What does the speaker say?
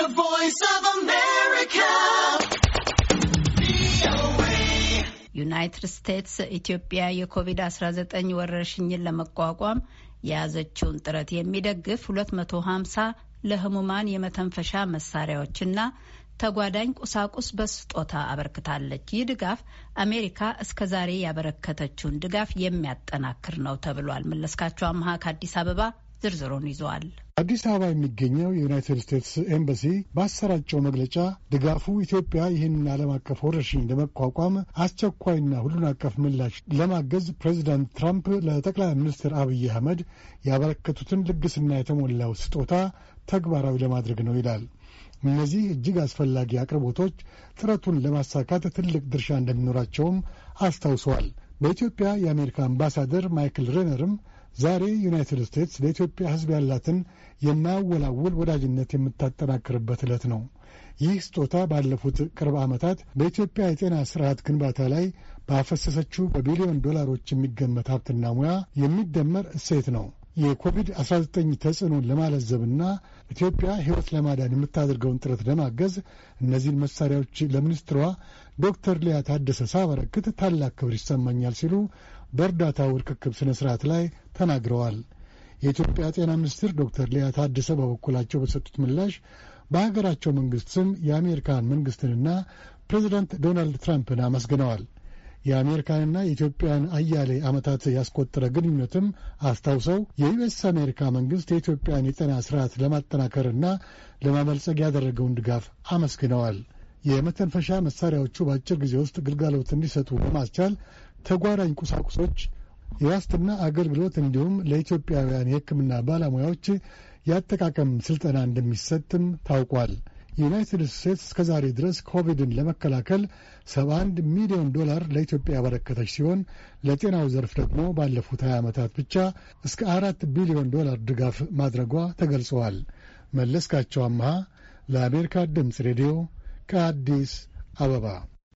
The Voice of America. ዩናይትድ ስቴትስ ኢትዮጵያ የኮቪድ-19 ወረርሽኝን ለመቋቋም የያዘችውን ጥረት የሚደግፍ 250 ለህሙማን የመተንፈሻ መሳሪያዎችና ተጓዳኝ ቁሳቁስ በስጦታ አበርክታለች። ይህ ድጋፍ አሜሪካ እስከ ዛሬ ያበረከተችውን ድጋፍ የሚያጠናክር ነው ተብሏል። መለስካቸው አምሃ ከአዲስ አበባ ዝርዝሩን ይዟል። አዲስ አበባ የሚገኘው የዩናይትድ ስቴትስ ኤምባሲ ባሰራጨው መግለጫ ድጋፉ ኢትዮጵያ ይህንን ዓለም አቀፍ ወረርሽኝ ለመቋቋም አስቸኳይና ሁሉን አቀፍ ምላሽ ለማገዝ ፕሬዚዳንት ትራምፕ ለጠቅላይ ሚኒስትር አብይ አህመድ ያበረከቱትን ልግስና የተሞላው ስጦታ ተግባራዊ ለማድረግ ነው ይላል። እነዚህ እጅግ አስፈላጊ አቅርቦቶች ጥረቱን ለማሳካት ትልቅ ድርሻ እንደሚኖራቸውም አስታውሰዋል። በኢትዮጵያ የአሜሪካ አምባሳደር ማይክል ሬነርም ዛሬ ዩናይትድ ስቴትስ ለኢትዮጵያ ሕዝብ ያላትን የማያወላውል ወዳጅነት የምታጠናክርበት ዕለት ነው። ይህ ስጦታ ባለፉት ቅርብ ዓመታት በኢትዮጵያ የጤና ስርዓት ግንባታ ላይ ባፈሰሰችው በቢሊዮን ዶላሮች የሚገመት ሀብትና ሙያ የሚደመር እሴት ነው። የኮቪድ-19 ተጽዕኖን ለማለዘብና ኢትዮጵያ ሕይወት ለማዳን የምታደርገውን ጥረት ለማገዝ እነዚህን መሳሪያዎች ለሚኒስትሯ ዶክተር ሊያ ታደሰ ሳበረክት ታላቅ ክብር ይሰማኛል ሲሉ በእርዳታው ርክክብ ስነ ስርዓት ላይ ተናግረዋል። የኢትዮጵያ ጤና ሚኒስትር ዶክተር ሊያ ታደሰ በበኩላቸው በሰጡት ምላሽ በሀገራቸው መንግስት ስም የአሜሪካን መንግስትንና ፕሬዚዳንት ዶናልድ ትራምፕን አመስግነዋል። የአሜሪካንና የኢትዮጵያን አያሌ ዓመታት ያስቆጠረ ግንኙነትም አስታውሰው የዩኤስ አሜሪካ መንግስት የኢትዮጵያን የጤና ስርዓት ለማጠናከርና ለማበልጸግ ያደረገውን ድጋፍ አመስግነዋል። የመተንፈሻ መሳሪያዎቹ በአጭር ጊዜ ውስጥ ግልጋሎት እንዲሰጡ ለማስቻል ተጓዳኝ ቁሳቁሶች፣ የዋስትና አገልግሎት እንዲሁም ለኢትዮጵያውያን የሕክምና ባለሙያዎች የአጠቃቀም ስልጠና እንደሚሰጥም ታውቋል። ዩናይትድ ስቴትስ እስከ ዛሬ ድረስ ኮቪድን ለመከላከል 71 ሚሊዮን ዶላር ለኢትዮጵያ ያበረከተች ሲሆን ለጤናው ዘርፍ ደግሞ ባለፉት 20 ዓመታት ብቻ እስከ አራት ቢሊዮን ዶላር ድጋፍ ማድረጓ ተገልጸዋል። መለስካቸው አምሃ ለአሜሪካ ድምፅ ሬዲዮ ከአዲስ አበባ